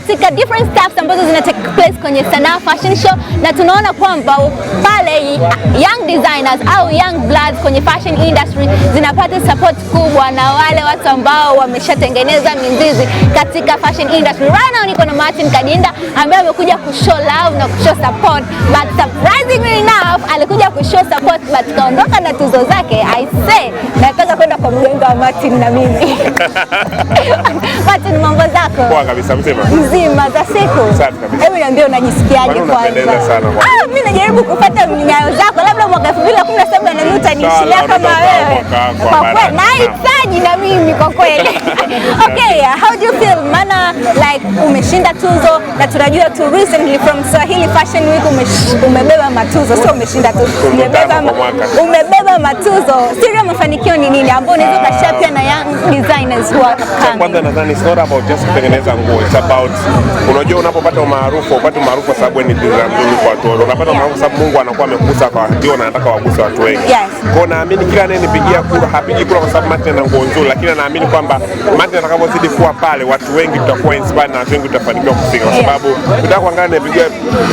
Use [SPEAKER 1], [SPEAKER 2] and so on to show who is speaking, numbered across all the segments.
[SPEAKER 1] katika different steps ambazo zina take place kwenye sanaa fashion show, na tunaona kwamba pale young designers au young blood kwenye fashion industry zinapata support kubwa na wale watu ambao wameshatengeneza mizizi katika fashion industry. Right now niko na Martin Kadinda ambaye amekuja kushow love na kushow support, but surprisingly enough alikuja kushow support but kaondoka na tuzo zake I say na kwenda kwa mjengo wa Martin na mimi. Martin, mambo zako?
[SPEAKER 2] Poa kabisa, mzima.
[SPEAKER 1] Mzima za siku. Safi kabisa. Hebu niambie unajisikiaje
[SPEAKER 2] kwanza?
[SPEAKER 1] Ah, mimi najaribu kupata nyayo zako, labda mwaka 2017 na mimi utanishilia
[SPEAKER 2] kama wewe.
[SPEAKER 1] Kwa kweli nice ni na mimi kwa kweli. Okay, how do you feel? Maana like umeshinda tuzo na tunajua tu recently from Swahili Fashion Week umebeba matuzo, sio umeshinda tu, umebeba umebeba matuzo. Siri ya mafanikio ni nini ambayo unaweza kashare pia na young designers who are coming?
[SPEAKER 2] Kwanza nadhani it's not about just kutengeneza nguo, it's about unajua, unapopata umaarufu, upate umaarufu sababu ni bidhaa nzuri kwa watu. Unapata umaarufu sababu Mungu anakuwa amekusa kwa hiyo anataka waguse watu wengi. Yes. Kwa naamini kila anayenipigia kura hapigi kura kwa sababu mate na nguo nzuri, lakini naamini kwamba Manchester atakavyozidi kuwa pale, watu wengi tutakuwa inspired na watu wengi tutafanikiwa kufika, kwa sababu tunataka kuangalia nimepiga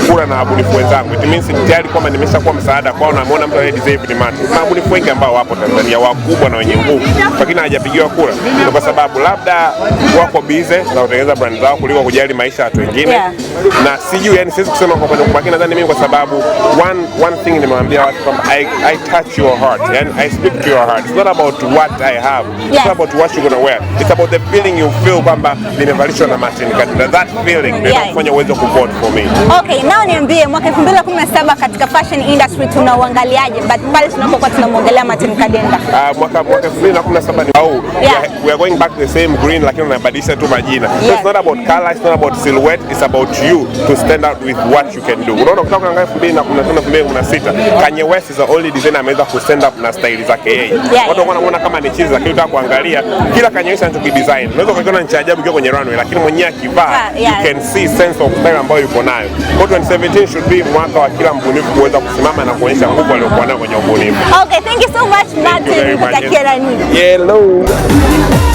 [SPEAKER 2] kura na wabunifu wenzangu, it means tayari kwamba nimeshakuwa msaada kwao, na ameona mtu anaye deserve ni Manchester. Kuna wabunifu wengi ambao wapo Tanzania wakubwa na wenye nguvu, lakini hajapigiwa kura, ni kwa sababu labda wako bize na kutengeneza brand zao kuliko kujali maisha ya watu wengine yeah. Na sijui yani, siwezi kusema kwa kwamba, nadhani mimi kwa sababu one one thing nimewaambia watu kwamba I, I touch your heart, and I speak to your heart, it's not about what I have It's yes. about what you're to wear. It's about the feeling you feel kwamba nimevalishwa na Martin Katunda. That feeling ndio inafanya uweze vote for me.
[SPEAKER 1] Okay, nao niambie mwaka 2017 katika fashion industry tunauangaliaje? But pale tunapokuwa tunamwangalia Martin Katunda.
[SPEAKER 2] Ah, mwaka mwaka 2017 au we are going back the same green lakini unabadilisha tu majina. So it's not about color, it's not about silhouette, it's about you to stand out with what you can do. Unaona kutoka mwaka 2015 2016 Kanye West is the only designer ameweza ku stand up na style zake yeye. Watu wanaona kama ni chizi lakini kuangalia kila kanyenyesha anacho kidesign. Unaweza ukakiona ni cha ajabu kiwa kwenye runway, lakini mwenyewe akivaa you can see sense of style ambayo yuko nayo. Kwa 2017 should be mwaka wa kila mbunifu kuweza kusimama na kuonyesha nguvu aliyokuwa nayo kwenye ubunifu.
[SPEAKER 1] Okay, thank you so much
[SPEAKER 2] Martin.
[SPEAKER 1] Yellow.